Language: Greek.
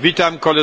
Witam